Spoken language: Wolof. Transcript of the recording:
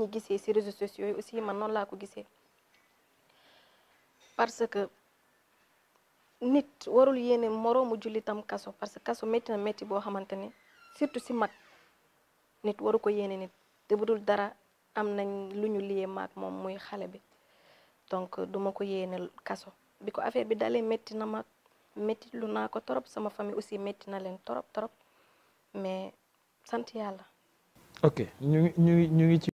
ñu gisee ci réseaux sociaux yi aussi man noonu laa ko gisee parce que nit warul yéene moroomu jullitam kaso parce que kaso métti na métti boo xamante ne surtout si mag nit waru ko yéene nit te bu dul dara am nañ lu ñu liyee maag moom muy xale bi donc duma ko yéene kaso bi ko affaire bi dalee métti na ma métti lu naa ko torop sama famille aussi métti na leen trop trop mais sant yàlla ok ñu ngi ñu ngi ñu ngi ci